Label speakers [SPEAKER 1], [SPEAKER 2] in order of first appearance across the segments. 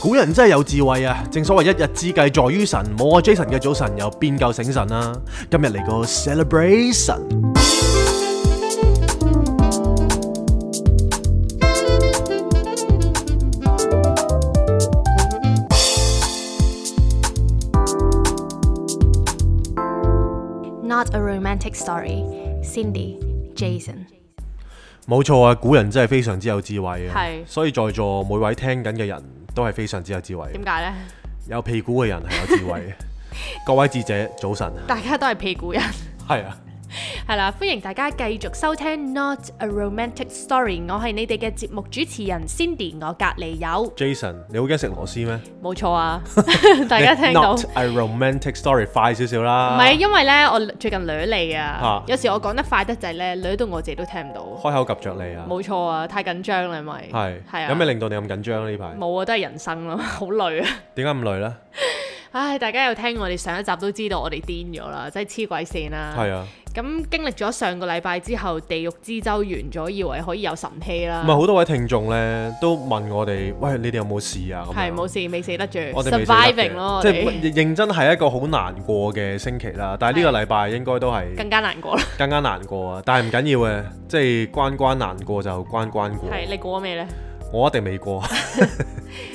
[SPEAKER 1] 古人真係有智慧啊！正所謂一日之計在於晨，冇我 Jason 嘅早晨又邊夠醒神啦、啊！今日嚟個 celebration，Not
[SPEAKER 2] a romantic story，Cindy，Jason。
[SPEAKER 1] 冇錯啊！古人真係非常之有智慧啊！是所以在座每位聽緊嘅人，都係非常之有智慧。點解咧？有屁股嘅人係有智慧嘅。 各位智者，早晨啊，
[SPEAKER 2] 大家都係屁股人。係啊。係啦，歡迎大家繼續收聽 Not a Romantic Story，我係你哋嘅節目主持人 Cindy，我隔籬有
[SPEAKER 1] Jason，你好驚食螺絲咩？
[SPEAKER 2] 冇錯啊，大家聽到 Not
[SPEAKER 1] a Romantic Story 快少少啦，唔係
[SPEAKER 2] 因為咧我最近捋你啊，有時我講得快得滯咧，捋到我自己都聽唔到，
[SPEAKER 1] 開口及著你啊，
[SPEAKER 2] 冇錯啊，太緊張啦，係咪？
[SPEAKER 1] 係啊，有咩令到你咁緊張呢？呢排
[SPEAKER 2] 冇啊，都係人生咯，好累啊，
[SPEAKER 1] 點解咁累咧？
[SPEAKER 2] 唉，大家有聽我哋上一集都知道我哋癲咗啦，真係黐鬼線啦。係啊。咁經歷咗上個禮拜之後，地獄之舟完咗，以為可以有神器啦。唔係
[SPEAKER 1] 好多位聽眾咧都問我哋，喂，你哋有冇事啊？係
[SPEAKER 2] 冇事，未死得住。我哋 surviving 咯，即係
[SPEAKER 1] 認真係一個好難過嘅星期啦。但係呢個禮拜應該都係更加難過啦。更加難過啊！但係唔緊要嘅，即係關關難過就關關過。係，你過咗咩咧？我一定未過，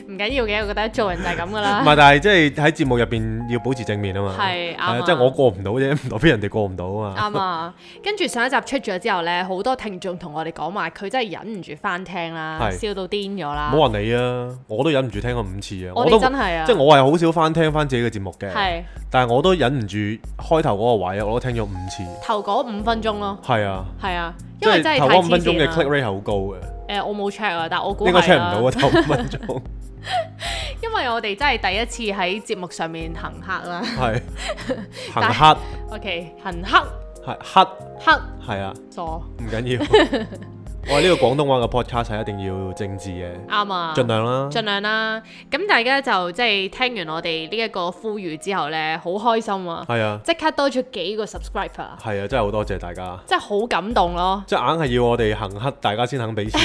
[SPEAKER 2] 唔緊要嘅，我覺得做人就係咁噶啦。唔係，
[SPEAKER 1] 但係即係喺節目入邊要保持正面啊嘛。係，即係我過唔到啫，唔代表人哋過唔到啊嘛。啱
[SPEAKER 2] 啊！跟住上一集出咗之後呢，好多聽眾同我哋講話，佢真係忍唔住翻聽啦，笑到癲咗啦。唔好話
[SPEAKER 1] 你啊，我都忍唔住聽咗五次啊。我都真係啊！即係我係好少翻聽翻自己嘅節目嘅。係。但係我都忍唔住開頭嗰個位，我都聽咗五次。
[SPEAKER 2] 頭嗰五分鐘咯。係啊。係啊，因為真係頭嗰五分鐘嘅 click rate 係好高嘅。誒、呃，我冇 check 啊，但我估係啦。應該 check 唔到啊，頭五分鐘。 因為我哋真係第一次喺節目上面行黑啦。係行黑。OK，行黑
[SPEAKER 1] 係黑黑係啊。座唔緊要。錯 我係呢個廣東話嘅 podcast 係一定要政治嘅，
[SPEAKER 2] 啱吧啊，盡量啦、啊，盡量啦。咁大家就即係、就是、聽完我哋呢一個呼籲之後呢，好開心啊！係啊，即刻多咗幾個 subscriber，
[SPEAKER 1] 係啊，啊，真係好多謝大家，
[SPEAKER 2] 真係好感動咯、
[SPEAKER 1] 啊！即係硬係要我哋行乞，大家先肯俾錢，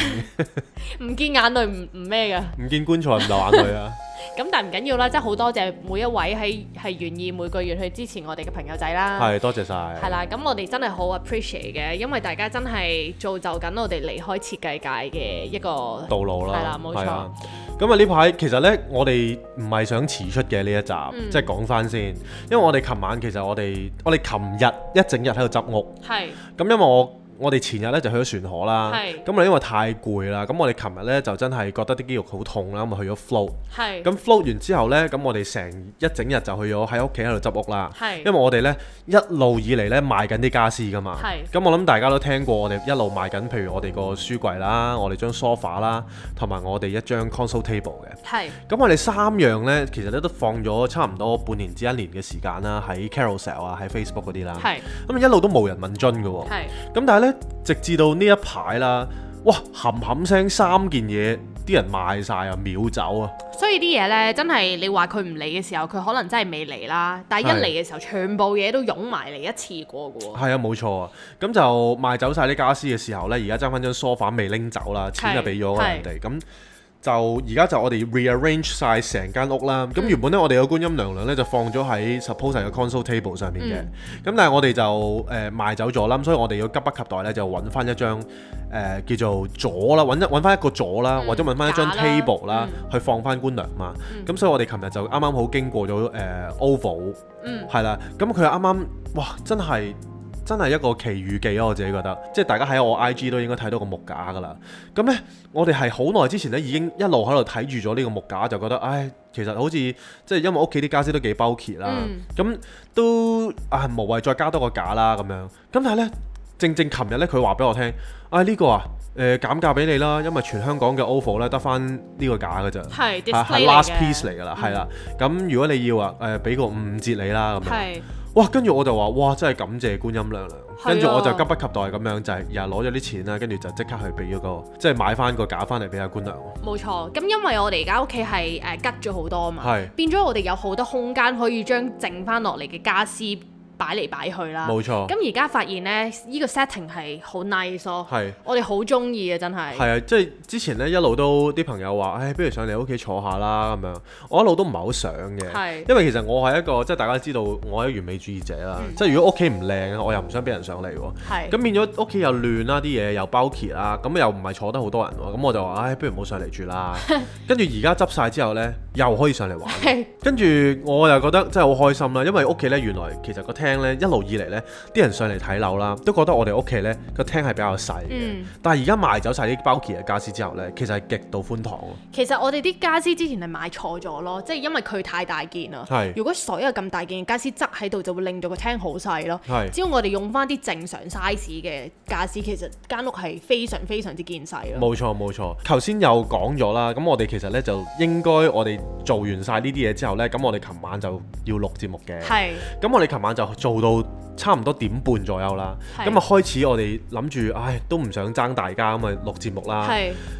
[SPEAKER 2] 唔 見眼淚唔唔咩㗎，
[SPEAKER 1] 唔見棺材唔流眼淚啊！
[SPEAKER 2] 咁但係唔緊要啦，即係好多謝每一位喺係願意每個月去支持我哋嘅朋友仔啦。係
[SPEAKER 1] 多謝晒！係啦，
[SPEAKER 2] 咁我哋真係好 appreciate 嘅，因為大家真係造就緊我哋離開設計界嘅一個
[SPEAKER 1] 道路啦。係啦，冇錯。咁啊呢排其實呢，我哋唔係想遲出嘅呢一集，嗯、即係講返先，因為我哋琴晚其實我哋我哋琴日一整日喺度執屋。係的。咁因為我。我哋前日咧就去咗船河啦，咁啊是、嗯、因為太攰啦，咁我哋琴日咧就真係覺得啲肌肉好痛啦，咁啊去咗 float，咁是 float 完之後咧，咁我哋成一整日就去咗喺屋企喺度執屋啦，是 因為我哋咧一路以嚟咧賣緊啲家私噶嘛，咁、right，我諗大家都聽過，我哋一路賣緊譬如我哋個書櫃啦，我哋張 sofa 啦，同埋我哋一張 console table 嘅，咁我哋三樣咧其實咧都放咗差唔多半年至一年嘅時間啦，喺 Carousell 啊，喺 Facebook 啲啦，咁一路都無人問津嘅喎，咁但係咧。么直至到呢一排啦，哇，冚冚聲三件嘢，啲人賣晒啊，秒走
[SPEAKER 2] 啊！所以啲嘢呢，真係你話佢唔嚟嘅時候，佢可能真係未嚟啦。但係一嚟嘅時候，是全部嘢都湧埋嚟一次過噶
[SPEAKER 1] 喎。係啊，冇錯啊。咁就賣走晒啲家私嘅時候呢，而家爭翻張梳化未拎走啦，錢就俾咗人哋咁。就而家就我哋 rearrange 曬成間屋啦，咁原、嗯、本咧我哋嘅觀音娘娘咧就放咗喺 suppose 嘅 console table 上面嘅，咁、嗯、但係我哋就誒、呃、賣走咗啦，咁所以我哋要急不及待咧就揾翻一張誒、呃、叫做座啦，揾一揾翻一個座啦，嗯、或者揾翻一張 table 啦，啦去放翻觀娘嘛，咁、嗯、所以我哋琴日就啱啱好經過咗誒 OVO，嗯，係啦，咁佢啱啱哇真係。真係一個奇遇記咯，我自己覺得，即係大家喺我 IG 都應該睇到個木架噶啦。咁呢，我哋係好耐之前呢，已經一路喺度睇住咗呢個木架，就覺得，唉，其實好似即係因為屋企啲家私都幾包結啦，咁都啊無謂再加多個架啦咁樣。咁但係呢，正正琴日呢，佢話俾我聽，啊呢個啊誒減價俾你啦，因為全香港嘅 OVO 咧得翻呢個架噶咋，嚇係 last piece 嚟噶啦，係啦。咁如果你要話誒俾個五折你啦咁樣。哇！跟住我就話：哇！真係感謝觀音娘娘。跟住、啊、我就急不及待咁樣就係、係、又攞咗啲錢啦，跟住就即刻去俾咗個，即係買翻個架翻嚟俾阿觀娘。
[SPEAKER 2] 冇錯，咁因為我哋而家屋企係誒吉咗好多啊嘛，是變咗我哋有好多空間可以將剩翻落嚟嘅家私。擺嚟擺去啦，冇錯。咁而家發現呢依、呢個 setting 係好 nice 咯，係，我哋好中意嘅真係。係
[SPEAKER 1] 啊，即係之前咧一路都啲朋友話，誒、哎，不如上嚟屋企坐下啦咁樣。我一路都唔係好想嘅，是因為其實我係一個即係大家都知道我係完美主義者啦。嗯、即係如果屋企唔靚我又唔想俾人上嚟喎。咁是變咗屋企又亂啦，啲嘢又包結啊，咁又唔係坐得好多人喎。咁我就話，唉、哎，不如唔好上嚟住啦。跟住而家執晒之後呢，又可以上嚟玩。跟住 我又覺得真係好開心啦，因為屋企呢原來其實個廳。廳咧一路以嚟咧，啲人上嚟睇樓啦，都覺得我哋屋企咧個廳係比較細。嗯。但係而家賣走晒啲包廂嘅家私之後咧，其實係極度寬敞。
[SPEAKER 2] 其實我哋啲家私之前係買錯咗咯，即係因為佢太大件啊。係是。如果所有咁大件嘅家私側喺度，就會令到個廳好細咯。是只要我哋用翻啲正常 size 嘅傢俬，其實間屋係非常非常之見細咯。冇
[SPEAKER 1] 錯冇錯，頭先又講咗啦。咁我哋其實咧就應該我哋做完晒呢啲嘢之後咧，咁我哋琴晚就要錄節目嘅。係是。咁我哋琴晚就。做到差唔多點半左右啦，咁啊是開始我哋諗住，唉都唔想爭大家咁啊錄節目啦。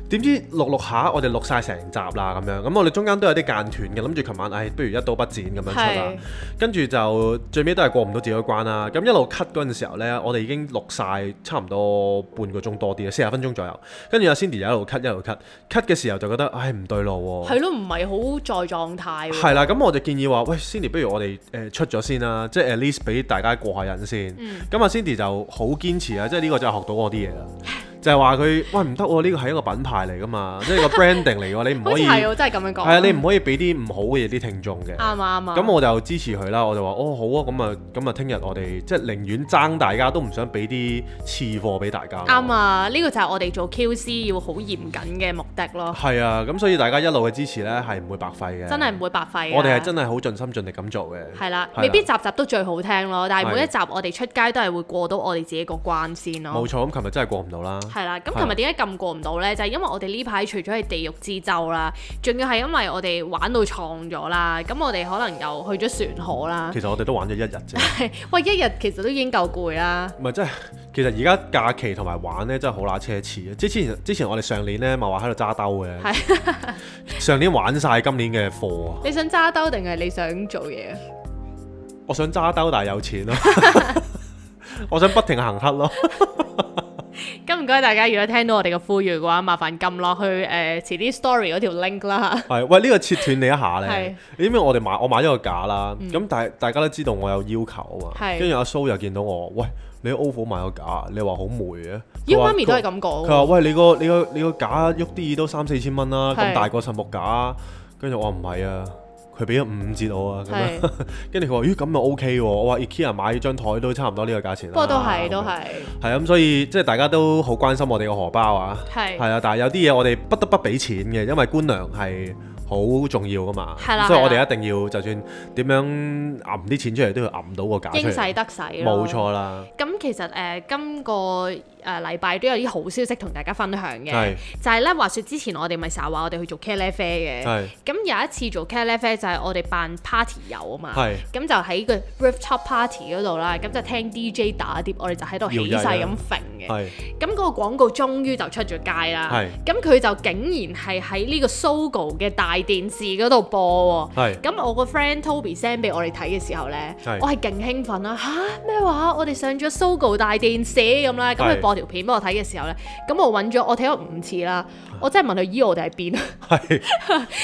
[SPEAKER 1] 點是知錄錄下，我哋錄晒成集啦咁樣。咁我哋中間都有啲間斷嘅，諗住琴晚，唉不如一刀不剪咁樣出啦，啊。跟住是就最尾都係過唔到自己嘅關啦。咁一路 cut 嗰陣時候呢，我哋已經錄晒差唔多半個鐘多啲啦，四十分鐘左右。跟住阿 Cindy 一路 cut 一路 cut，cut 嘅時候就覺得，唉唔對路喎，啊。係
[SPEAKER 2] 咯，唔係好在狀態。係
[SPEAKER 1] 啦，咁我就建議話，喂 Cindy 不如我哋誒、呃、出咗先啦，即係 at least 俾大家過下癮先。咁阿、嗯、Cindy 就好堅持啦，即係呢個就係學到我啲嘢啦。 就係話佢喂，唔得喎，呢個係一個品牌嚟噶嘛，即係 個 branding 嚟喎，你唔可以好似係 我
[SPEAKER 2] 真係咁樣講。
[SPEAKER 1] 係啊，你唔可以俾啲唔好嘅嘢啲聽眾嘅。啱啊啱啊。咁我就支持佢啦，我就話哦好啊，咁啊咁啊，聽日我哋即係寧願爭，大家都唔想俾啲次貨俾大家。啱
[SPEAKER 2] 啊，呢個就係我哋做 QC 要好嚴謹嘅目的咯。
[SPEAKER 1] 係啊，咁所以大家一路嘅支持呢，係唔會白費嘅。真係
[SPEAKER 2] 唔會白費。我哋係真
[SPEAKER 1] 係好盡心盡力咁做嘅。係
[SPEAKER 2] 啦吧，吧未必集集都最好聽咯，但係每一集我哋出街都係會過到我哋自己個關先咯。冇錯，
[SPEAKER 1] 咁琴日真係過唔到啦。
[SPEAKER 2] 係啦，咁同埋點解咁過唔到呢？就係因為我哋呢排除咗係地獄之舟啦，仲要係因為我哋玩到創咗啦。咁我哋可能又去咗船河啦。其
[SPEAKER 1] 實我哋都玩咗一日啫。
[SPEAKER 2] 喂， 一日其實都已經夠攰啦。
[SPEAKER 1] 唔係，真係，其實而家假期同埋玩呢，真係好乸奢侈啊！之前之前我哋上年呢咪話喺度揸兜嘅。 上年玩晒今年嘅貨。
[SPEAKER 2] 你想揸兜定係你想做嘢？
[SPEAKER 1] 我想揸兜，但係有錢咯、啊。 我想不停行黑咯。
[SPEAKER 2] 咁唔該，大家如果聽到我哋嘅呼籲嘅話，麻煩撳落去誒，遲、呃、啲 story 嗰條 link 啦
[SPEAKER 1] 係，喂、這、呢個切斷你一下咧，因為 是 我哋買我買咗一個架啦。咁但係大家都知道我有要求啊嘛。係。跟住阿蘇又見到我，喂，你 over 買個架，你話好霉啊？咦、欸，媽咪都係咁講。佢話喂，你個你個你個，你個架喐啲都三四千蚊啦、啊，咁是 大個實木架，跟住我話唔係啊。佢俾咗五折我啊，咁樣，跟住佢話：咦，咁又 O K 喎。我話 IKEA 買張枱都差唔多呢個價錢啦。不過都係，
[SPEAKER 2] 都係。
[SPEAKER 1] 係啊，咁是所以即係大家都好關心我哋個荷包啊。係是。啊，但係有啲嘢我哋不得不俾錢嘅，因為官糧係好重要噶嘛。係啦的。所以我哋一定要，的就算點樣揞啲錢出嚟，都要揞到個價錢出嚟。應使得使。冇錯
[SPEAKER 2] 啦。咁其實誒，今、呃這個誒禮拜都有啲好消息同大家分享嘅，是就係咧，話說之前我哋咪成日話我哋去做 catlife 嘅，咁是有一次做 catlife 就係我哋辦 party 友啊嘛，咁是就喺個 rooftop party 嗰度啦，咁就聽 DJ 打碟，我哋就喺度起曬咁揈嘅，咁嗰是個廣告終於就出咗街啦，咁佢是就竟然係喺呢個 Sogo 嘅大電視嗰度播喎、啊，咁是我個 friend Toby send 俾我哋睇嘅時候呢，是我係勁興奮啦，嚇咩話？我哋上咗 Sogo 大電視咁啦，咁佢播。條片俾我睇嘅時候咧，咁我揾咗我睇咗五次啦，我真係問佢，咦，我哋喺邊，係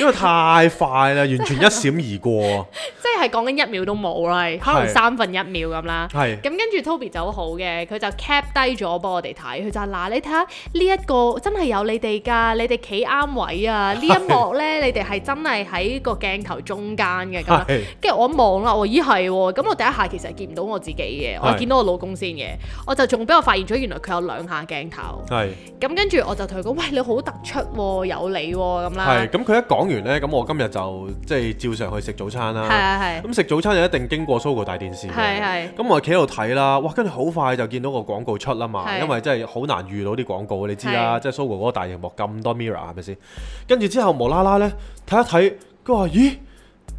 [SPEAKER 1] 因為太快啦，完全一閃而過，
[SPEAKER 2] 即係講緊一秒都冇啦，可能三分一秒咁啦，係是，咁跟住 Toby 就好好嘅，佢就 cap 低咗幫我哋睇，佢就嗱、啊、你睇下呢一個真係有你哋噶，你哋企啱位啊，呢一幕咧是你哋係真係喺個鏡頭中間嘅咁，跟住是我一望啦，我咦，係，咁我第一下其實見唔到我自己嘅，是我係見到我老公先嘅，我就仲俾我發現咗原來佢有。兩下鏡頭係，咁跟住我就同佢講，喂，你好突出喎，有你喎，咁啦。係，
[SPEAKER 1] 咁佢一講完呢，咁我今日就即係照常去食早餐啦。係啊係。咁食早餐就一定經過 Sogo 大電視。係咁我企喺度睇啦，哇！跟住好快就見到個廣告出啦嘛，因為真係好難遇到啲廣告，你知啦。即係 Sogo 嗰個大螢幕咁多 mirror 係咪先？跟住之後無啦啦呢，睇一睇，
[SPEAKER 2] 佢話：咦，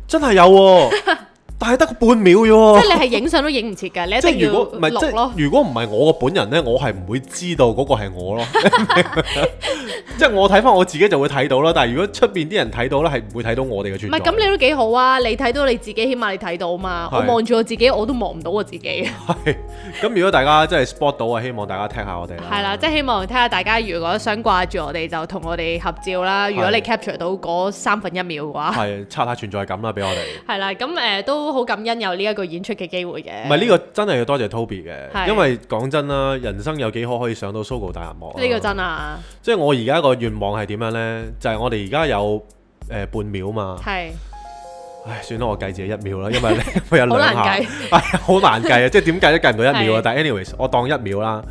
[SPEAKER 1] 真係有喎！但係得個半秒啫喎！即係
[SPEAKER 2] 你係影相都影唔切㗎，你即一定要錄咯。即係如果，唔係，
[SPEAKER 1] 如果唔係我個本人咧，我係唔會知道嗰個係我咯。 即係我睇翻我自己就會睇到啦，但係如果出邊啲人睇到咧，係唔會睇到我哋嘅存在。唔係咁，你
[SPEAKER 2] 都幾好啊！你睇到你自己，起碼你睇到啊嘛。是我望住我自己，我都望唔到我自己。
[SPEAKER 1] 咁，如果大家真係 spot 到啊， 希望大家聽下我哋。係
[SPEAKER 2] 啦、啊，即係希望聽下大家，如果想掛住我哋，就同我哋合照啦。是如果你 capture 到嗰三分一秒嘅話，係
[SPEAKER 1] 刷下存在感咁啦，俾我哋。
[SPEAKER 2] 係啦，咁、呃、誒都好感恩有呢一個演出嘅機會嘅。唔係呢
[SPEAKER 1] 個真係要多謝 Toby 嘅，是因為講真啦，人生有幾可可以上到 Sogo 大銀幕呢、啊、呢個真啊！即係我而家。個願望係點樣呢？就係、是、我哋而家有誒、呃、半秒嘛。係是，唉，算啦，我計自己一秒啦，因為 我有兩下難、 哎，好難計啊， 即係點計都 計唔到 一秒啊。是但係 anyways，我當一秒啦。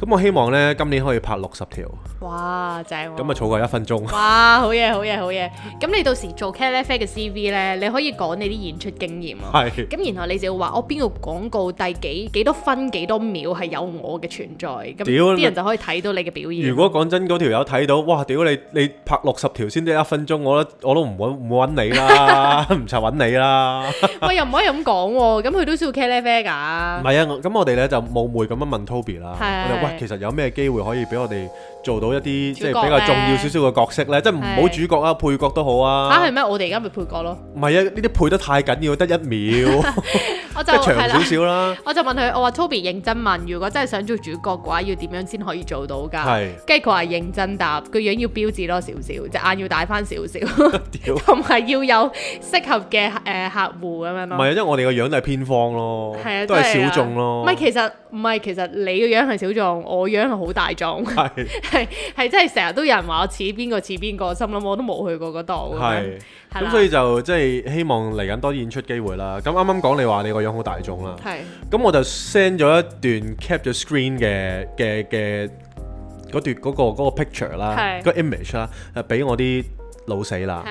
[SPEAKER 1] 咁我希望咧今年可以拍六十條。
[SPEAKER 2] 哇，正喎！咁啊，
[SPEAKER 1] 儲過一分鐘。哇，
[SPEAKER 2] 好嘢，好嘢，好嘢！咁你到時做 catlife 嘅 CV 咧，你可以講你啲演出經驗啊。係。咁然後你就要話我邊個廣告第幾幾多分幾多秒係有我嘅存在？咁啲人就可以睇到你嘅表現。如果
[SPEAKER 1] 講真嗰條友睇到，哇！屌你，你拍六十條先得一分鐘，我我都唔揾唔揾你啦，唔使揾你啦。
[SPEAKER 2] 喂，又唔可以咁講喎，咁佢都需要 catlife 㗎。唔
[SPEAKER 1] 係啊，咁我哋咧就冒昧咁樣問 Toby 啦。係啊。其實有咩機會可以俾我哋做到一啲即係比較重要少少嘅角色咧？即係唔好主角啊，配角都好啊嚇係
[SPEAKER 2] 咩？我哋而家咪配角咯，
[SPEAKER 1] 唔係啊！呢啲配得太緊要，得一秒。
[SPEAKER 2] 即係長少少啦，我就問佢，我話 Toby 認真問，如果真係想做主角嘅話，要點樣先可以做到㗎？係，跟住佢話認真答，個樣要標誌多少少，隻眼要大翻少少，同埋要有適合嘅誒客戶咁樣咯。唔係，因為
[SPEAKER 1] 我哋個樣都係偏方咯，係啊，都係小眾咯。唔係，其實
[SPEAKER 2] 唔係，其實你個樣係小眾，我樣係好大眾，
[SPEAKER 1] 係，
[SPEAKER 2] 係真係成日都有人話我似邊個似邊個，心諗我都冇去過嗰度咁，係咁，所以
[SPEAKER 1] 就即係希望嚟緊多啲演出機會啦。咁啱啱講你話你個樣。好大眾啦，咁我就 send 咗一段 capture screen 嘅嘅嘅嗰段嗰個 picture 啦，個 image 啦，俾我啲老死啦。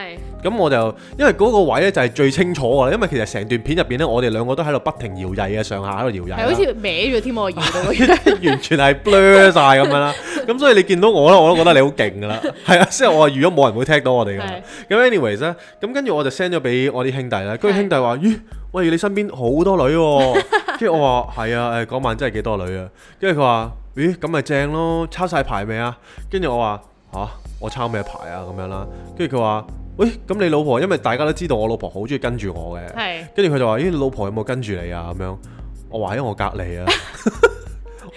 [SPEAKER 1] 咁我就因為嗰個位咧就係最清楚嘅，因為其實成段片入邊咧，我哋兩個都喺度不停搖曳嘅，上下喺度搖曳，係好
[SPEAKER 2] 似歪咗添喎，我
[SPEAKER 1] 完全係 blur 晒咁樣啦。咁所以你見到我啦，我都覺得你好勁噶啦。係啊，即係我話如果冇人會聽到我哋嘅。咁 anyways 咧，咁跟住我就 send 咗俾我啲兄弟咧，佢兄弟話，咦？喂，你身邊好多女喎，跟住我話係啊，誒嗰晚真係幾多女啊，跟住佢話，咦咁咪正咯，抄晒牌未啊？跟住我話吓，我抄咩牌啊？咁樣啦，跟住佢話，喂、欸、咁你老婆，因為大家都知道我老婆好中意跟住我嘅，係，跟住佢就話，咦你老婆有冇跟住你啊？咁樣，我話喺我隔離啊。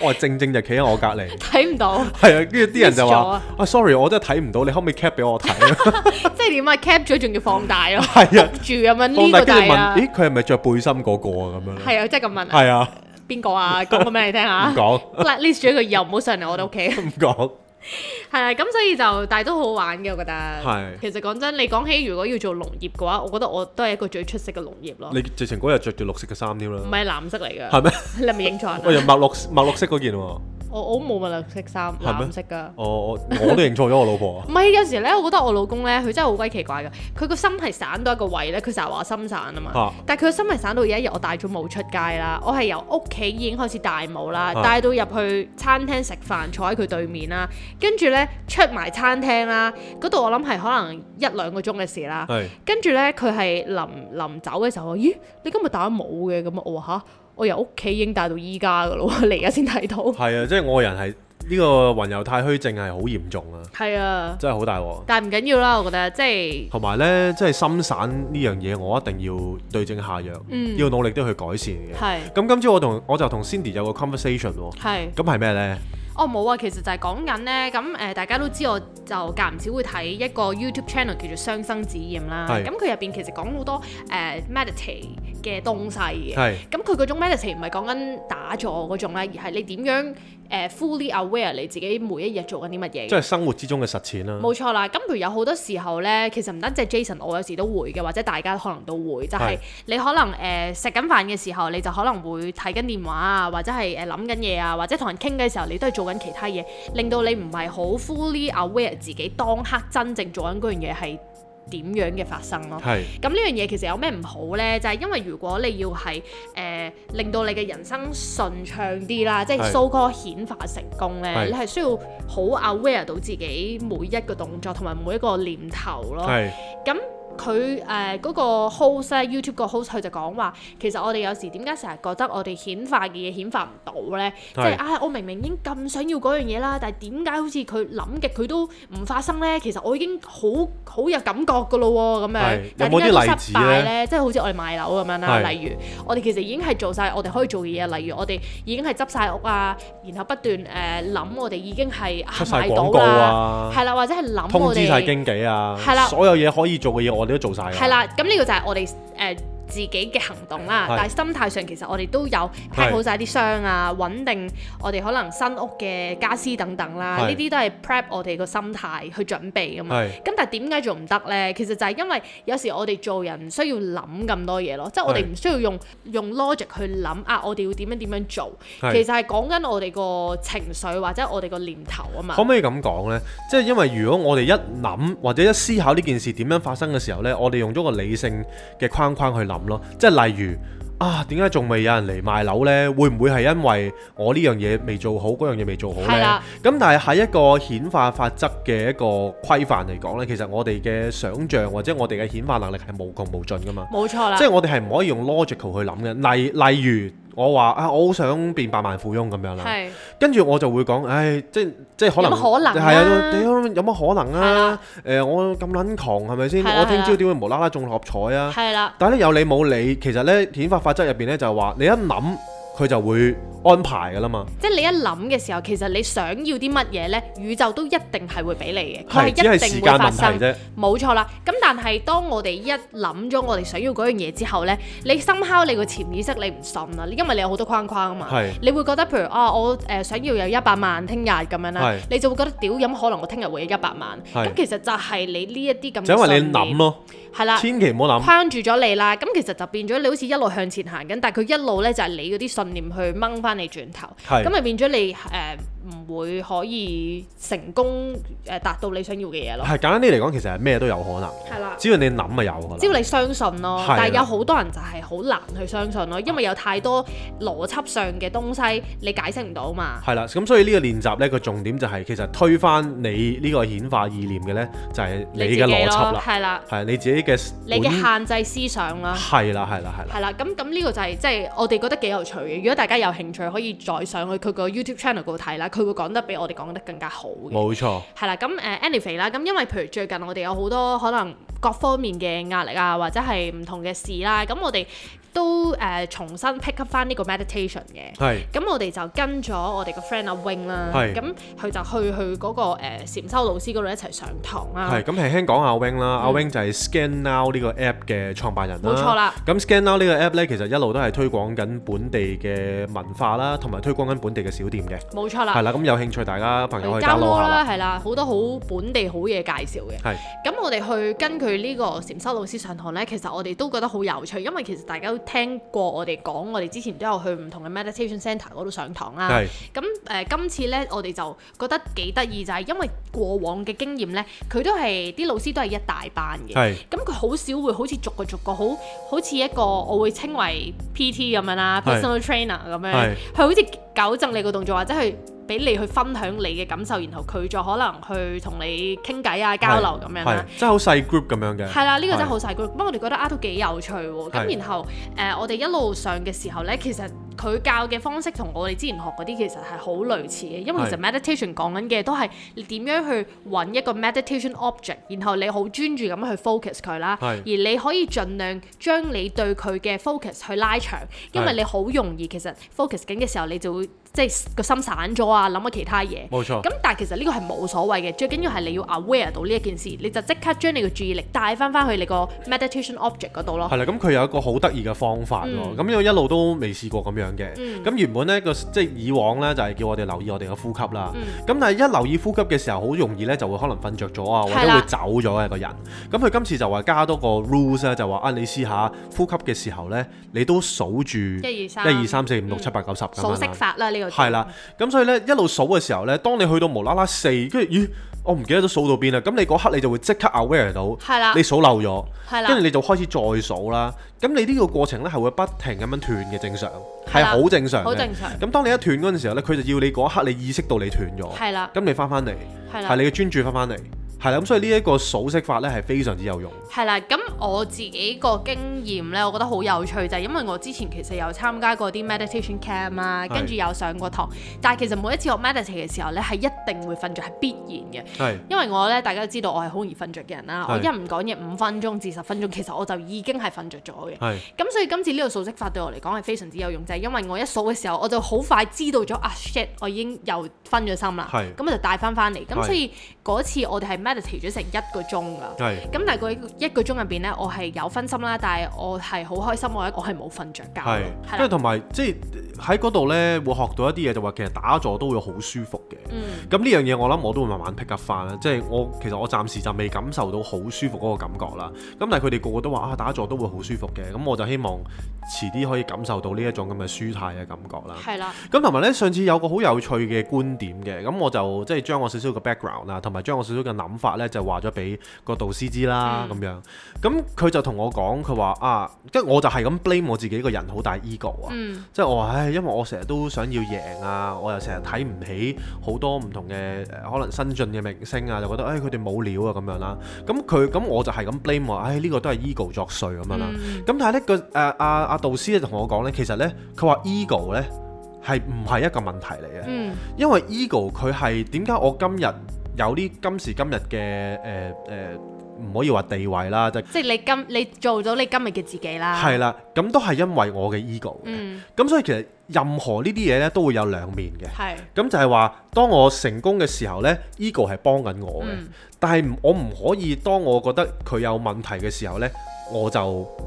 [SPEAKER 1] 我正正就企喺我隔籬，
[SPEAKER 2] 睇唔到。係
[SPEAKER 1] 啊，跟住啲人就話：啊，sorry，我真係睇唔到，你可唔可以 cap 俾我睇？
[SPEAKER 2] 即係點啊？cap 咗仲要放大咯。係啊，焗住咁樣呢個就係。咦，
[SPEAKER 1] 佢係咪著背心嗰個啊？咁樣係
[SPEAKER 2] 啊，即係咁問。係啊，邊個啊？講個名嚟聽下。唔講。嗱，list 咗佢以後唔好上嚟我哋屋企。唔講。係啦，咁 所以就，但係都好好玩嘅，我覺得。係是。其實講真，你講起如果要做農業嘅話，我覺得我都係一個最出色嘅農業咯。你
[SPEAKER 1] 直情嗰日着住綠色嘅衫添啦。唔
[SPEAKER 2] 係藍色嚟嘅。係咩嗎？ 你係咪影錯啦。喂、 哎，墨
[SPEAKER 1] 綠墨綠色嗰件喎、啊。
[SPEAKER 2] 我冇問藍色
[SPEAKER 1] 衫藍嗎色噶、哦，我都認錯咗我老婆。 唔
[SPEAKER 2] 係有時咧，我覺得我老公咧，佢真係好鬼奇怪噶。佢個心係散到一個位咧，佢成日話心散啊嘛。啊但係佢個心係散到有一日我戴咗帽出街啦，我係由屋企已經開始戴帽啦，戴、啊、到入去餐廳食飯，坐喺佢對面啦，跟住咧出埋餐廳啦，嗰度我諗係可能一兩個鐘嘅事啦。跟住咧佢係臨臨走嘅時候，咦，你今日戴咗帽嘅，咁我話嚇。我由屋企已經帶到依家噶咯，你而家先睇到。
[SPEAKER 1] 係啊，即係我人係呢、呢個雲遊太虛症係好嚴重啊。
[SPEAKER 2] 係啊，真係好大鑊。但係唔緊要啦，我覺得即
[SPEAKER 1] 係。同埋呢，即係心散呢樣嘢，我一定要對症下藥，嗯、要努力都要去改善嘅。係是。咁、嗯、今朝我同我就同 Cindy 有個 conversation 喎是。係。咁係咩呢？
[SPEAKER 2] 哦冇啊，其實就係講緊呢。咁誒大家都知，我就間唔少會睇一個 YouTube channel 叫做《雙生子驗》啦。咁佢入邊其實講好多誒 meditati 嘅東西嘅，咁佢嗰種 meditation 唔係講緊打坐嗰種咧，而係你點樣誒 fully aware 你自己每一日做緊啲乜嘢？即係
[SPEAKER 1] 生活之中嘅實踐啦、啊。冇
[SPEAKER 2] 錯啦，咁、嗯、譬如有好多時候咧，其實唔單止 Jason，我有時都會嘅，或者大家可能都會，就係、是、你可能誒食緊飯嘅時候，你就可能會睇緊電話啊，或者係誒諗緊嘢啊，或者同人傾嘅時候，你都係做緊其他嘢，令到你唔係好 fully aware 自己當刻真正做緊嗰樣嘢係。點樣嘅發生咯？係，咁呢樣嘢其實有咩唔好咧？就係、是、因為如果你要係誒、呃、令到你嘅人生順暢啲啦，是即係 so called 顯化成功咧，是你係需要好 aware 到自己每一個動作同埋每一個念頭咯。係咁是。佢誒嗰個 host 咧，YouTube 個 host 佢就講話，其實我哋有時點解成日覺得我哋顯化嘅嘢顯化唔到咧？即係啊，我明明已經咁想要嗰樣嘢啦，但係點解好似佢諗嘅佢都唔發生咧？其實我已經好好有感覺噶咯喎，咁樣但係點解有冇啲例子會失敗咧？即係好似我哋賣樓咁樣啦，例如我哋其實已經係做曬我哋可以做嘅嘢，例如我哋已經係執曬屋啊，然後不斷誒諗我哋已經係出曬廣告啊，係啦，或者係諗通知曬經
[SPEAKER 1] 紀啊，係啦，所有嘢可以做嘅嘢我哋，都做晒，係啦，
[SPEAKER 2] 咁呢個就係我哋誒。呃自己嘅行動啦，是但係心態上其實我哋都有 pack< 是>好晒啲箱啊，穩定我哋可能新屋嘅家私等等啦，呢啲是都係 prep 我哋個心態去準備㗎嘛。咁是但係點解做唔得呢？其實就係因為有時我哋做人唔需要諗咁多嘢咯，即係我哋唔需要用是用 logic 去諗啊，我哋要點樣點樣做，是其實係講緊我哋個情緒或者我哋個念頭啊嘛。可唔
[SPEAKER 1] 可以咁講呢？即係因為如果我哋一諗或者一思考呢件事點樣發生嘅時候呢，我哋用咗個理性嘅框框去諗。即係例如啊，點解仲未有人嚟賣樓呢？會唔會係因為我呢樣嘢未做好，嗰樣嘢未做好呢？咁的但係喺一個顯化法則嘅一個規範嚟講呢，其實我哋嘅想象或者我哋嘅顯化能力係無窮無盡噶嘛？冇錯啦，即係我哋係唔可以用 Logical 去諗嘅。例，例如我話啊，我好想變百萬富翁咁樣啦，的跟住我就會講，唉，即即係可能，係啊！有乜可能啊？誒、啊啊呃，我咁撚狂係咪先？是是是啊、我聽朝點會無啦啦中六合彩啊？係啦是、啊，但係咧有理冇理，其實咧顯化法則入邊咧就係、是、話，你一諗佢就會。安排㗎啦嘛，
[SPEAKER 2] 即係你一諗嘅時候，其實你想要啲乜嘢咧，宇宙都一定係會俾你嘅，佢係是一定會發生，只係時間問題啫，冇錯啦，咁但係當我哋一諗咗我哋想要嗰樣嘢之後咧，你深敲你個潛意識你唔信啦，因為你有好多框框啊嘛，是你會覺得譬如啊、哦，我誒、呃、想要有一百萬聽日咁樣啦，是你就會覺得屌，飲、呃、可能我聽日會有一百萬，咁是其實就係你呢一啲咁，就因為你諗咯，係啦，千祈唔好諗，框住咗你啦，咁其實就變咗你，你好似一路向前行緊，但係佢一路咧就係你嗰啲信念去掹翻，你轉頭，咁咪變咗你誒唔、呃、會可以成功誒達到你想要嘅嘢咯？係
[SPEAKER 1] 簡單啲嚟講，其實係咩都有可能，係啦。只要你諗咪有噶啦，只要你
[SPEAKER 2] 相信咯。啦但係有好多人就係好難去相信咯，因為有太多邏輯上嘅東西你解釋唔到嘛。
[SPEAKER 1] 係啦，咁所以呢個練習咧個重點就係、是、其實推翻你呢個顯化意念嘅咧，就係、是、你嘅邏輯啦，係啦，係你自己嘅
[SPEAKER 2] 啦你嘅限制思想、啊、啦，
[SPEAKER 1] 係啦，係啦，係啦，係
[SPEAKER 2] 啦。咁咁呢個就係即係我哋覺得幾有趣嘅。如果大家有興趣。可以再上去佢個 YouTube channel 度睇啦，佢會講得比我哋講得更加好嘅。
[SPEAKER 1] 冇錯。
[SPEAKER 2] 係啦，咁誒，Anyway 啦，咁因為譬如最近我哋有好多可能各方面嘅壓力啊，或者係唔同嘅事啦，咁我哋，都誒重新 pick up 翻呢個 meditation 嘅，咁我哋就跟咗我哋個 friend 阿 Wing 啦，咁佢就去去嗰個誒禪修老師嗰度一齊上堂啊，係
[SPEAKER 1] 咁輕輕講下 Wing 啦，阿 Wing 就係 Scan Now 呢個 app 嘅創辦人啦，冇錯啦，咁 Scan Now 呢個 app 咧其實一路都係推廣緊本地嘅文化啦，同埋推廣緊本地嘅小店嘅，
[SPEAKER 2] 冇錯啦，係啦，
[SPEAKER 1] 咁有興趣大家朋友可以 download 下，
[SPEAKER 2] 係啦，好多好本地好嘢介紹嘅，係，咁我哋去跟佢呢個禪修老師上堂咧，其實我哋都覺得好有趣，因為其實大家都。聽過我哋講，我哋之前都有去唔同嘅 meditation centre 嗰度上堂啦。咁誒是、嗯呃，今次呢，我哋就覺得幾得意，就係因為過往嘅經驗呢，佢都係啲老師都係一大班嘅。咁佢好少會好似逐個逐個好，好好似一個我會稱為 PT 咁樣啦是，personal trainer 咁樣，佢是好似。糾正你個動作，或者去俾你去分享你嘅感受，然後佢再可能去同你傾偈啊、交流咁是樣啦，
[SPEAKER 1] 真係好細 group 咁樣嘅。係啦、啊，呢、呢個真係好細
[SPEAKER 2] group，不過是的 我哋覺得啊都幾有趣喎。咁是的 然後誒是的、呃，我哋一路上嘅時候咧，其實。佢教嘅方式同我哋之前學嗰啲其實係好類似嘅，因為其實 meditation 講緊嘅都係點樣去揾一個 meditation object，然後你好專注咁樣去 focus 佢啦，是而你可以盡量將你對佢嘅 focus 去拉長，因為你好容易其實 focus 緊嘅時候你就會。即係個心散咗啊，諗下其他嘢。冇錯。咁但係其實呢個係冇所謂嘅，最緊要係你要 aware 到呢一件事，你就即刻將你嘅注意力帶翻翻去你個 meditation object 嗰度咯。係
[SPEAKER 1] 啦，咁佢有一個好得意嘅方法喎，咁、嗯、我一路都未試過咁樣嘅。咁、嗯、原本呢個即係以往呢就係、是、叫我哋留意我哋嘅呼吸啦。咁、嗯、但係一留意呼吸嘅時候，好容易呢就會可能瞓着咗啊，或者會走咗啊個人。咁佢的今次就話加多個 rules 咧，就話啊你試下呼,呼吸嘅時候呢，你都數住一二三四五六七八九十數息法啦，係啦，咁有所以咧一路數嘅時候咧，當你去到無啦啦四，跟住咦，我唔記得咗數到邊啦，咁你嗰刻你就會即刻 Aware 到你數，你數漏咗，跟住你就開始再數啦。咁你呢個過程咧係會不停咁樣斷嘅，正常，係好正常。好正常。咁的當你一斷嗰陣時候咧，佢就要你嗰一刻你意識到你斷咗，咁的你翻翻嚟，係的你嘅專注翻翻嚟。係，咁所以呢一個數息法咧係非常之有用。
[SPEAKER 2] 係啦，咁我自己個經驗咧，我覺得好有趣就係、是、因為我之前其實有參加過啲 meditation camp 啦、啊，是跟住有上過堂，但係其實每一次我 meditate 嘅時候咧，係一定會瞓着，係必然嘅。是因為我咧，大家都知道我係好容易瞓着嘅人啦。是我一唔講嘢五分鐘至十分鐘，其實我就已經係瞓着咗嘅。係是。咁所以今次呢個數息法對我嚟講係非常之有用，就係、是、因為我一數嘅時候，我就好快知道咗啊 shit，我已經又分咗心啦。係是。咁我就帶翻翻嚟。係是。咁所以嗰次我哋係遲咗成一個鐘㗎，咁但係佢一個鐘入邊呢，我係有分心啦，但係我係好開心，我我係冇瞓着覺，係同
[SPEAKER 1] 埋即係喺嗰度呢，吧就是、會學到一啲嘢，就話、是、其實打坐都會好舒服嘅，咁呢樣嘢我諗我都會慢慢 pick up 翻啦，即係我其實我暫時就未感受到好舒服嗰個感覺啦，咁但係佢哋個個都話啊，打坐都會好舒服嘅，咁我就希望遲啲可以感受到呢一種咁嘅舒泰嘅感覺啦，係啦，咁同埋呢，上次有個好有趣嘅觀點嘅，咁我就即係將我少少嘅 background 啦，同埋將我少少嘅諗。法咧就話咗俾個導師知啦，咁、嗯、樣，咁佢就同我講，佢話啊，即係我就係咁 blame 我自己個人好大 ego 啊，即係我話唉，因為我成日都想要贏啊，我又成日睇唔起好多唔同嘅、呃、可能新進嘅明星啊，就覺得唉佢哋冇料啊咁樣啦，咁佢咁我就係咁 blame 話唉呢、呢個都係 ego 作祟咁、啊嗯、樣啦，咁但係呢個誒阿阿導師咧就同我講呢，其實呢，佢話 ego 呢係唔係一個問題嚟嘅，嗯、因為 ego 佢係點解我今日？有啲今時今日嘅誒誒，唔、呃呃、可以話地位啦，即
[SPEAKER 2] 係你今你做咗你今日嘅自己啦。係
[SPEAKER 1] 啦，咁都係因為我嘅 ego 嘅。咁、嗯、所以其實任何呢啲嘢呢，都會有兩面嘅。係。咁就係話，當我成功嘅時候呢，ego 係幫緊我嘅。嗯、但係我唔可以，當我覺得佢有問題嘅時候呢，我就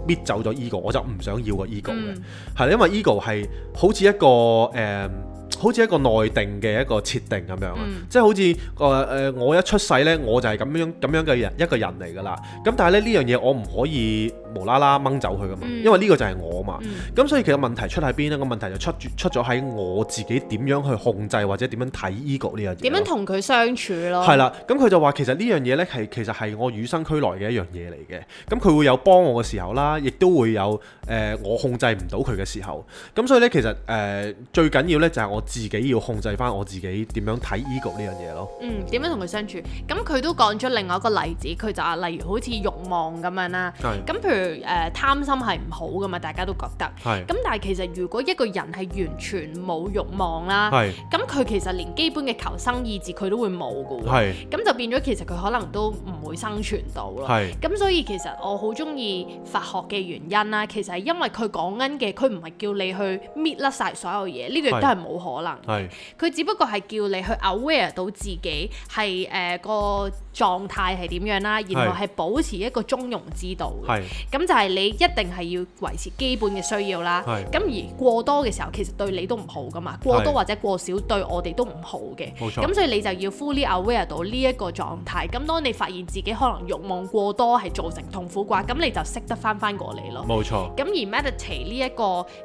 [SPEAKER 1] 搣走咗 ego，我就唔想要個 ego 嘅。係、嗯，因為 ego 係好似一個誒，呃好似一個內定嘅一個設定咁樣啊，嗯、即係好似誒誒，我一出世呢，我就係咁樣咁樣嘅人一個人嚟㗎啦。咁但係咧，呢樣嘢我唔可以無啦啦掹走佢㗎嘛，嗯、因為呢個就係我嘛。咁、嗯、所以其實問題出喺邊呢？個問題就出出咗喺我自己點樣去控制，或者點樣睇依個呢樣嘢，點樣
[SPEAKER 2] 同佢相處咯。係、嗯、啦，
[SPEAKER 1] 咁佢就話其實呢樣嘢呢，係其實係我與生俱來嘅一樣嘢嚟嘅。咁佢會有幫我嘅時候啦，亦都會有誒、呃、我控制唔到佢嘅時候。咁所以呢，其實誒、呃、最緊要呢就係我自己要控制翻我自己點樣睇 Ego 呢樣嘢咯。嗯，
[SPEAKER 2] 點樣同佢相處？咁佢都講咗另外一個例子，佢就話例如好似慾望咁樣啦。係是。咁譬如誒貪心係唔好噶嘛，大家都覺得係。咁是但係其實如果一個人係完全冇慾望啦，係是。咁佢其實連基本嘅求生意志佢都會冇噶喎。係是。咁就變咗其實佢可能都唔會生存到咯。係是。咁所以其實我好中意佛學嘅原因啦，其實係因為佢講緊嘅，佢唔係叫你去搣甩晒所有嘢，呢個亦都係冇。可能，係佢是只不過係叫你去 aware 到自己，係、呃、誒個狀態係點樣啦、啊？然後係保持一個中庸之道嘅，咁是就係你一定係要維持基本嘅需要啦。咁是而過多嘅時候，其實對你都唔好噶嘛。過多或者過少對我哋都唔好嘅。咁是所以你就要 fully aware 到呢一個狀態。咁當你發現自己可能慾望過多係造成痛苦啩，咁你就識得翻翻過嚟咯。
[SPEAKER 1] 冇錯錯。咁
[SPEAKER 2] 而 meditate 呢一個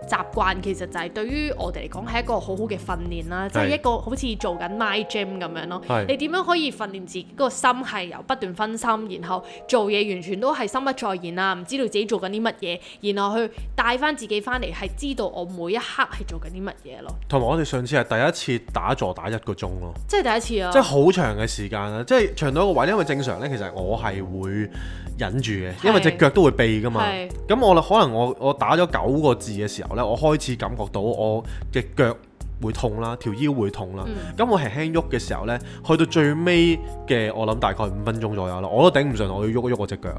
[SPEAKER 2] 習慣其實就係對於我哋嚟講係一個好好嘅訓練啦，即係一個好似做緊 mind gym 咁樣咯。你點樣可以訓練自己個心？係由不斷分心，然後做嘢完全都係心不在焉啊！唔知道自己做緊啲乜嘢，然後去帶翻自己翻嚟，係知道我每一刻係做緊啲乜嘢咯。
[SPEAKER 1] 同埋我哋上次係第一次打坐打一個鐘咯，
[SPEAKER 2] 即係第一次啊！即係好
[SPEAKER 1] 長嘅時間啦，即係長到一個位，因為正常呢，其實我係會忍住嘅，因為隻腳都會痹噶嘛。咁我可能我我打咗九個字嘅時候呢，我開始感覺到我隻腳。會痛啦，條腰會痛啦。咁我係輕喐嘅時候咧，去到最尾嘅我諗大概五分鐘左右啦，我都頂唔順，我要喐一喐我隻腳。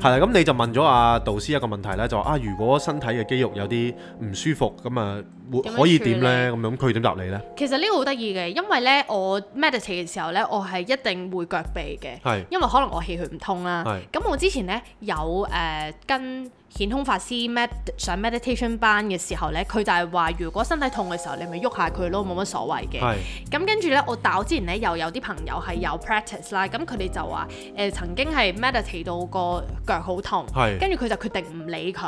[SPEAKER 1] 係啦，咁你就問咗阿導師一個問題咧，就話啊，如果身體嘅肌肉有啲唔舒服，咁啊會可以點咧？咁樣佢點答你咧？
[SPEAKER 2] 其實呢個好得意嘅，因為咧我 meditate 嘅時候咧，我係一定會腳痹嘅，因為可能我氣血唔通啦。咁我之前咧有誒跟。顯空法師 m a t 上 meditation 班嘅時候咧，佢就係話：如果身體痛嘅時候，你咪喐下佢咯，冇乜所謂嘅。咁是跟住咧，我打之前咧又有啲朋友係有 practice 啦，咁佢哋就話：誒曾經係 meditate 到個腳好痛，是跟住佢就決定唔理佢。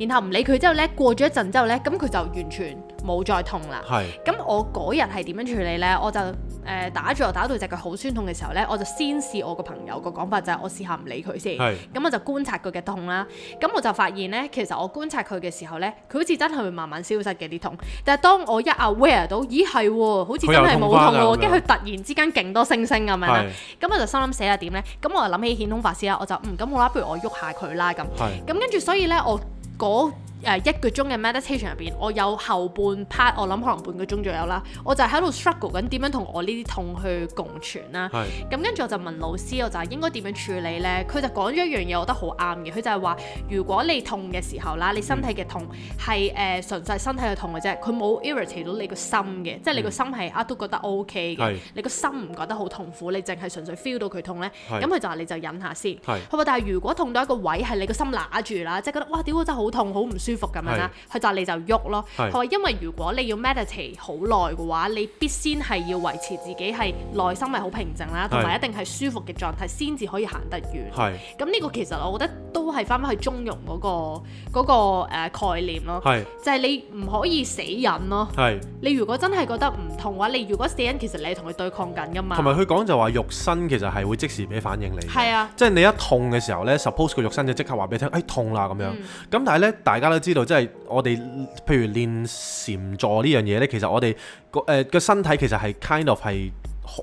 [SPEAKER 2] 然後唔理佢之後咧，過咗一陣之後咧，咁佢就完全冇再痛啦。咁是我嗰日係點樣處理咧？我就誒、呃、打住，打到隻腳好酸痛嘅時候咧，我就先試我個朋友個講法，就係、是、我試下唔理佢先。咁是、嗯、我就觀察佢嘅痛啦。咁我就。發現咧，其實我觀察佢嘅時候咧，佢好似真係會慢慢消失嘅啲痛。但係當我一啊 wear 到，咦係，好似真係冇痛咯，跟住佢突然之間勁多星星咁樣啦。咁是的 我就心諗寫下點咧，咁我就諗起顯通法師啦，我就嗯咁好啦，不如我喐下佢啦咁。咁是的 跟住所以咧，我嗰。誒、uh, 一個鐘嘅 meditation 入邊，我有後半 part，我諗可能半個鐘左右啦，我就喺度 struggle 緊點樣同我呢啲痛去共存啦、啊。咁 Yes.、嗯、跟住我就問老師，我就應該點樣處理呢？佢就講咗一樣嘢，我覺得好啱嘅。佢就係話，如果你痛嘅時候啦，你身體嘅痛係誒、mm. 呃、純粹身體嘅痛嘅啫，佢冇 irritate 到你個心嘅，即係你個心係啊、mm. 都覺得 O K 嘅，mm. 你個心唔覺得好痛苦，你淨係純粹 feel 到佢痛呢。」咁佢就話你就忍下先，mm. 好唔好？但係如果痛到一個位係你個心揦住啦，即係覺得哇，屌我真係好痛，好唔舒。舒服咁樣啦，佢就你就喐咯。佢話是：因為如果你要 meditate 好耐嘅話，你必先係要維持自己係內心係好平靜啦、啊，同埋是一定係舒服嘅狀態先至可以行得遠，係咁呢個其實我覺得都係翻返去中庸嗰、那個嗰、那個誒概念咯。係是就係你唔可以死忍咯。係是你如果真係覺得唔痛嘅話，你如果死忍，其實你係同佢對抗緊㗎嘛。同埋
[SPEAKER 1] 佢講就話肉身其實係會即時俾反應你。係啊，即係你一痛嘅時候咧，suppose 個肉身就即刻話俾你聽誒痛啦咁樣咁、嗯、但係咧，大家知道即係、就是、我哋，譬如練禪坐呢樣嘢呢，其實我哋個誒個身體其實係 kind of 係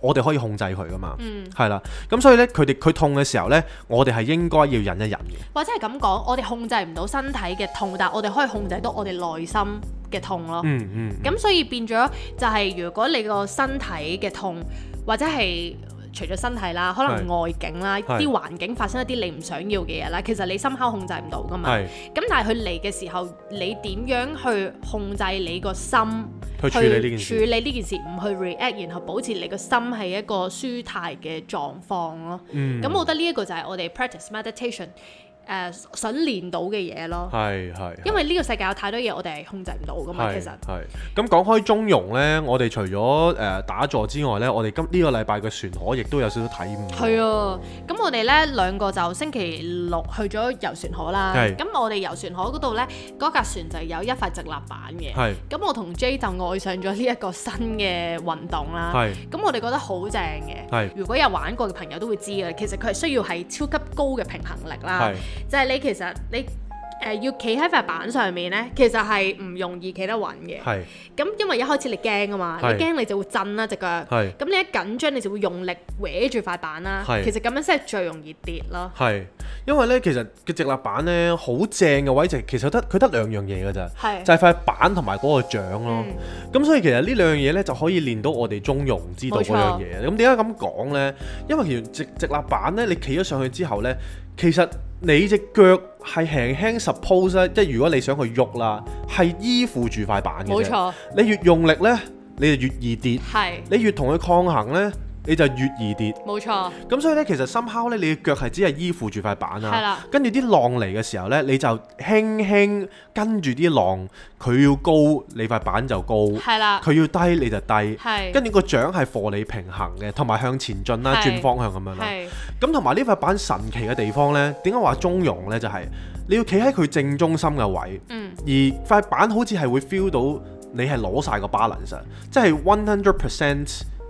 [SPEAKER 1] 我哋可以控制佢噶嘛，係啦、嗯，咁所以呢，佢哋佢痛嘅時候呢，我哋係應該要忍一忍嘅。
[SPEAKER 2] 或者係咁講，我哋控制唔到身體嘅痛，但係我哋可以控制到我哋內心嘅痛咯。嗯嗯，咁、嗯嗯、所以變咗就係如果你個身體嘅痛或者係。除咗身體啦，可能外境啦，啲是環境發生一啲你唔想要嘅嘢啦，是其實你心口控制唔到㗎嘛。咁是但係佢嚟嘅時候，你點樣去控制你個心去處理呢件事？唔去，去 react，然後保持你個心係一個舒泰嘅狀況咯。咁、嗯、我覺得呢一個就係我哋 practice meditation。誒、呃、想練到嘅嘢咯，
[SPEAKER 1] 係係，因為
[SPEAKER 2] 呢個世界有太多嘢我哋係控制唔到噶嘛，是其實
[SPEAKER 1] 係。咁講開中庸咧，我哋除咗誒、呃、打坐之外咧，我哋今呢、這個禮拜嘅船河亦都有少少體驗。係
[SPEAKER 2] 啊，咁我哋咧兩個就星期六去咗遊船河啦。咁是我哋遊船河嗰度咧，嗰架船就有一塊直立板嘅。咁是我同 J 就愛上咗呢一個新嘅運動啦。咁是我哋覺得好正嘅。是如果有玩過嘅朋友都會知嘅，其實佢係需要係超級高嘅平衡力啦。是就係你其實你誒、呃、要企喺塊板上面咧，其實係唔容易企得穩嘅。係是，咁因為一開始你驚啊嘛，是你驚你就會震啦、啊、隻腳。係是，咁你一緊張你就會用力搲住塊板啦、啊。是其實咁樣先係最容易跌咯。
[SPEAKER 1] 係，因為咧其實個直立板咧好正嘅位就其實得佢得兩樣嘢㗎咋。係是，就係塊板同埋嗰個掌咯。咁、嗯、所以其實呢兩樣嘢咧就可以練到我哋中庸之道嗰錯樣嘢。咁點解咁講咧？因為其實直直立板咧你企咗上去之後咧，其實你隻腳係輕輕 support，即係如果你想去喐啦，係依附住塊板嘅。冇錯，你越用力咧，你就越易跌。係是，你越同佢抗衡咧，你就越易跌，
[SPEAKER 2] 冇錯。
[SPEAKER 1] 咁所以呢，其實深拋呢，你嘅腳係只係依附住塊板啊。的跟住啲浪嚟嘅時候呢，你就輕輕跟住啲浪，佢要高，你塊板就高。佢的要低，你就低。的跟住個掌係霍你平衡嘅，同埋向前進啦，的轉方向咁樣啦。咁同埋呢塊板神奇嘅地方呢，點解話中庸呢？就係、是、你要企喺佢正中心嘅位。嗯、而塊板好似係會 feel 到你係攞晒個 balance 即係 one hundred percent。就是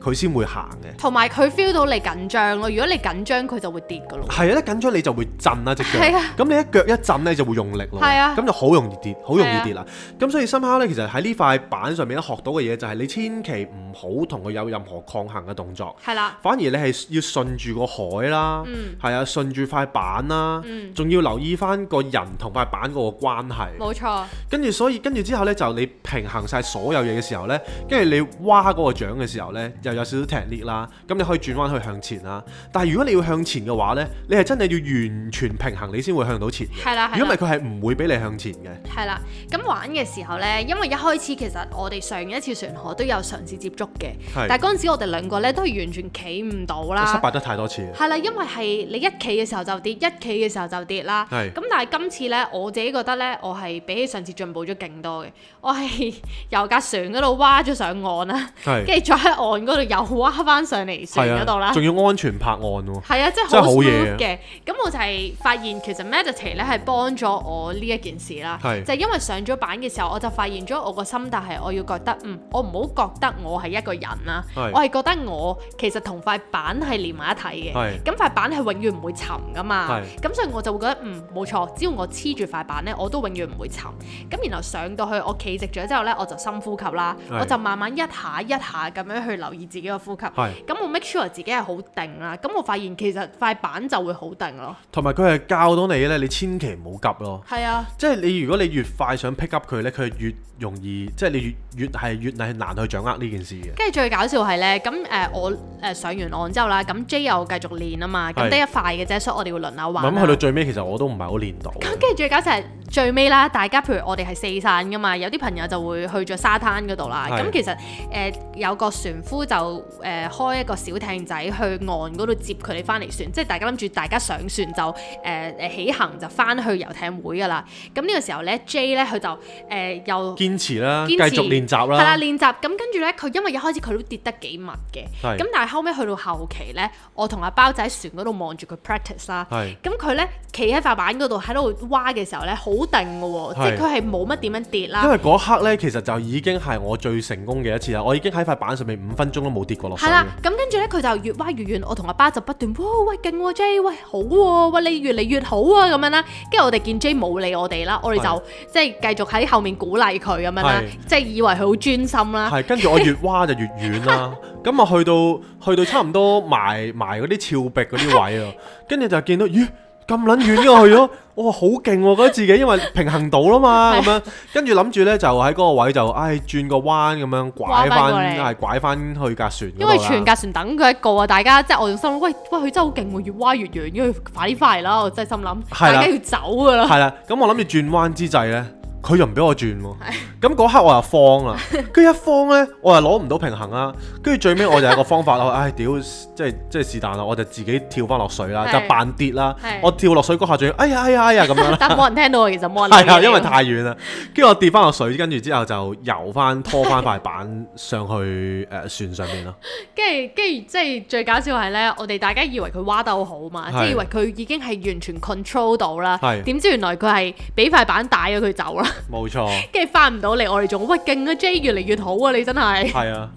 [SPEAKER 1] 佢先會行嘅，同
[SPEAKER 2] 埋佢 feel 到你緊張咯。如果你緊張，佢就會跌噶咯。
[SPEAKER 1] 係啊，一緊張你就會震啦隻腳，咁係啊 你一腳一震咧就會用力咯，咁係啊 就好容易跌，好容易跌啦。咁係啊 所以深刻咧，其實喺呢塊板上面咧學到嘅嘢就係你千祈唔好同佢有任何抗衡嘅動作，係啦，反而你係要順住個海啦，係啊的，順住塊板啦，仲、嗯、要留意翻個人同塊板個關係。
[SPEAKER 2] 冇錯。
[SPEAKER 1] 跟住所以跟住之後咧，就你平衡晒所有嘢嘅時候咧，跟住你挖嗰個掌嘅時候咧。有少少踢裂啦，咁你可以轉彎去向前啦。但係如果你要向前嘅話呢，你係真係要完全平衡你先會向到前。係啦，如果唔係佢係唔會俾你向前嘅。
[SPEAKER 2] 係啦，咁玩嘅時候呢，因為一開始其實我哋上一次船河都有嘗試接觸嘅。是但係嗰陣時我哋兩個呢都係完全企唔到啦。失
[SPEAKER 1] 敗得太多次。係
[SPEAKER 2] 啦，因為係你一企嘅時候就跌，一企嘅時候就跌啦。係是。咁但係今次呢，我自己覺得呢，我係比起上次進步咗勁多嘅。我係由架船嗰度挖咗上岸啦，跟住再喺岸嗰又挖翻上嚟船嗰度啦，仲要
[SPEAKER 1] 安全拍岸喎、啊。係 啊，即係真係好嘢嘅。
[SPEAKER 2] 咁我就係發現其實 meditate 咧係幫咗我呢一件事啦。是就係因為上咗板嘅時候，我就發現咗我個心，但係我要覺得，嗯，我唔好覺得我係一個人啦。是我係覺得我其實同塊板係連埋一體嘅。咁塊是板係永遠唔會沉噶嘛。咁是，所以我就會覺得，嗯，冇錯，只要我黐住塊板咧，我都永遠唔會沉。咁然後上到去我企直咗之後咧，我就深呼吸啦，是我就慢慢一下一下咁樣去留意。自己個呼吸，咁是我 make sure 自己係好定啦。咁我發現其實塊板就會好定咯。
[SPEAKER 1] 同埋佢係教到你咧，你千祈唔好急咯。係啊，即係，你如果你越快想 pick up 佢呢，佢越容易，即係你越越係越係難去掌握呢件事
[SPEAKER 2] 嘅。跟住最搞笑係呢，咁誒、呃、我誒、呃、上完岸之後啦，咁 J 又繼續練啊嘛，咁得是一塊嘅啫，所以我哋會輪流玩。咁去到
[SPEAKER 1] 最尾其實我都唔係好練到。咁跟
[SPEAKER 2] 住最搞笑係最尾啦，大家譬如我哋係四散㗎嘛，有啲朋友就會去咗沙灘嗰度啦。咁是其實誒、呃、有個船夫就。就誒、呃、開一個小艇仔去岸度接佢哋翻嚟船，即係大家諗住大家上船就誒誒、呃、起行就翻去遊艇會噶啦。咁呢個時候咧，J 咧佢就誒、呃、又堅
[SPEAKER 1] 持啦，繼持續練習啦，係啦練
[SPEAKER 2] 習。咁跟住咧，佢因為一開始佢都跌得幾密嘅，咁是但係後尾去到後期咧，我同阿包仔喺船嗰度望住佢 practice 啦，咁佢咧企喺塊板嗰度喺度歪嘅時候咧，好定嘅喎、哦，是即係佢係冇乜點樣跌啦。因為
[SPEAKER 1] 嗰刻咧，其實就已經係我最成功嘅一次啦，我已經喺塊板，板上面五分鐘。冇跌過落去。係啦，
[SPEAKER 2] 咁跟住咧，佢就越挖越遠。我同阿爸就不斷，哇喂，勁喎，J，喂好喎，喂你越嚟越好啊咁樣啦。跟住我哋見 J 冇理我哋啦，我哋就是的 即係繼續喺後面鼓勵佢咁是的 樣啦，即係以為佢好專心啦。係，跟住我越
[SPEAKER 1] 挖就越遠啦。咁啊， 去到去到差唔多埋埋嗰啲峭壁嗰啲位啊，跟住 就見到咦。咁撚遠嘅去咗，我話好勁喎，覺得自己、啊、因為平衡到啦嘛，咁 樣跟住諗住咧就喺嗰個位就唉、哎、轉個彎咁樣拐翻，係拐翻去架船，因為全架
[SPEAKER 2] 船等佢一個啊！大家即係、就是、我用心喂，喂，佢真係好勁喎，越歪越遠，因為快啲快啦，我真係心諗，係、大家要走噶啦。係啦，
[SPEAKER 1] 咁我諗住轉彎之際咧，佢又唔俾我轉喎、啊。咁嗰刻我又慌啦，跟住一慌咧，我又攞唔到平衡啦。跟住最尾我就有個方法，我唉屌，即係即係是但啦，我就自己跳翻落水啦，就扮跌啦。我跳落水嗰下仲要，哎呀哎呀哎呀咁樣，但冇人
[SPEAKER 2] 聽到，其實冇人。係啊，因為太
[SPEAKER 1] 遠啦。跟住我跌翻落水，跟住之後就游翻拖翻塊板上去誒船上面咯。跟
[SPEAKER 2] 住跟住即係最搞笑係咧，我哋大家以為佢挖得好好嘛，即係以為佢已經係完全 control 到啦。係。點知原來佢係俾塊板帶咗佢走啦。冇錯，跟住翻唔到。我嚟我哋仲喂，勁啊！J 越嚟越好啊！你真係係
[SPEAKER 1] 啊，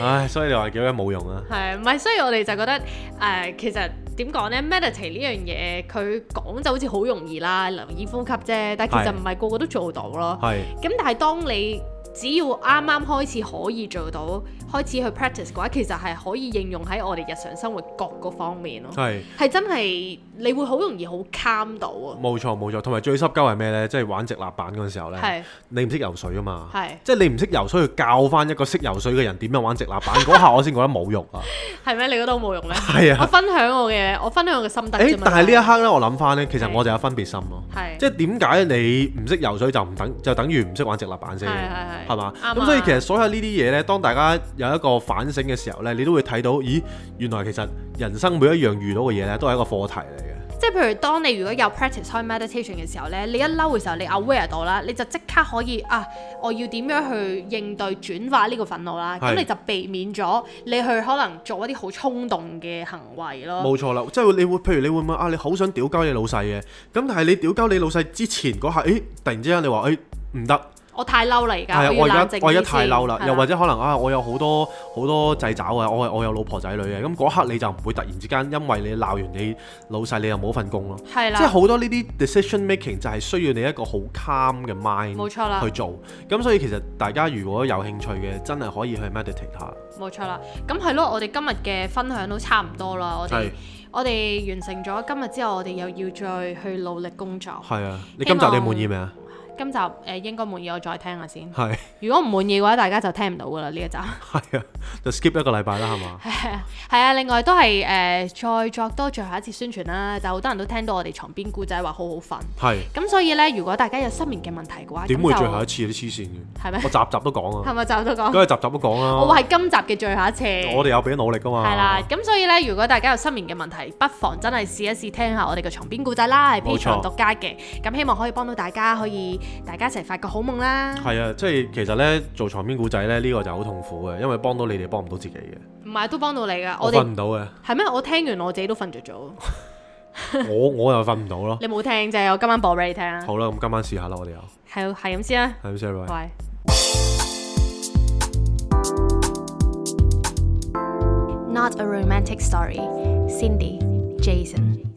[SPEAKER 1] 唉，所以你話幾樣冇用啊？
[SPEAKER 2] 係啊，唔係，所以我哋就覺得誒，其實點講咧，meditation 呢樣嘢，佢講就好似好容易啦，留意呼吸啫，但係其實唔係個個都做到咯。係，咁但係當你。只要啱啱開始可以做到，開始去 practice 嘅話，其實係可以應用喺我哋日常生活各個方面咯。係係真係你會好容易好 calm 到
[SPEAKER 1] 啊！冇錯冇錯，同埋最濕鳩係咩呢？即係玩直立板嗰陣時候呢，你唔識游水啊嘛，即係你唔識游水去教翻一個識游水嘅人點樣玩直立板嗰下，我先覺得冇用啊！
[SPEAKER 2] 係咩？你覺得好冇用呢？係啊！我分享我嘅我分享我嘅心得。誒，但係
[SPEAKER 1] 呢一刻呢，我諗翻呢，其實我就有分別心咯。係即係點解你唔識游水就唔等就等於唔識玩直立板先？係嘛？咁所以其實所有呢啲嘢咧，當大家有一個反省嘅時候咧， 你都會睇到，咦，原來其實人生每一樣遇到嘅嘢咧，都係一個課題嚟嘅。
[SPEAKER 2] 即係譬如，當你如果有 practice high meditation 嘅時候咧，你一嬲嘅時候，你 aware 到啦，你就即刻可以啊，我要點樣去應對轉化呢個憤怒啦？咁 你就避免咗你去可能做一啲好衝動嘅行為咯。冇錯
[SPEAKER 1] 啦，即係你會，譬如你會唔會啊？你好想屌交你老細嘅，咁但係你屌交你老細之前嗰下，誒、哎，突然之間你話誒，唔、哎、得。哎哎
[SPEAKER 2] 我太嬲嚟噶，對我而家我而家太嬲啦，的又或者
[SPEAKER 1] 可能啊，我有好多好多掣肘嘅，我我有老婆仔女嘅，咁嗰刻你就唔會突然之間因為你鬧完你老細，你又冇份工咯，係啦的，即係好多呢啲 decision making 就係需要你一個好 calm 嘅 mind 去做，咁所以其實大家如果有興趣嘅，真係可以去 meditate 下。
[SPEAKER 2] 冇錯啦，咁係咯，我哋今日嘅分享都差唔多啦，我哋的我哋完成咗今日之後，我哋又要再去努力工作。係啊，你今集你滿意未啊？今集誒應該滿意，我再聽下先。係。如果唔滿意嘅話，大家就聽唔到噶啦呢一集。係啊，
[SPEAKER 1] 就 skip 一個禮拜啦，係嘛？
[SPEAKER 2] 係啊，另外都係誒，再作多最後一次宣傳啦。就好多人都聽到我哋床邊故仔話好好瞓。係。咁所以呢，如果大家有失眠嘅問題嘅話，點會最後
[SPEAKER 1] 一次啲黐線
[SPEAKER 2] 嘅？係咩？我集集都講啊。係咪集都講？梗係集
[SPEAKER 1] 集都講啦。我話係
[SPEAKER 2] 今集嘅最後一次。我
[SPEAKER 1] 哋有俾努力噶嘛。係啦。
[SPEAKER 2] 咁所以呢，如果大家有失眠嘅問題，不妨真係試一試聽下我哋嘅床邊故仔啦，係 Patreon 獨家嘅。咁希望可以幫到大家可以。大家一齊發個好夢啦！
[SPEAKER 1] 係啊，即係其實咧，做床邊故仔咧呢個就好痛苦嘅，因為幫到你哋幫唔到自己嘅。
[SPEAKER 2] 唔係，都幫到你噶，我哋瞓唔到嘅。係咩？我聽完我自己都瞓着咗。
[SPEAKER 1] 我我又瞓唔到咯。 你
[SPEAKER 2] 冇聽啫，我今晚播俾你聽。
[SPEAKER 1] 好啦，咁今晚試下啦，我哋又
[SPEAKER 2] 係係咁先
[SPEAKER 1] 啦。係咁先啦。喂。Bye.
[SPEAKER 2] Not a romantic story. Cindy, Jason.、Mm.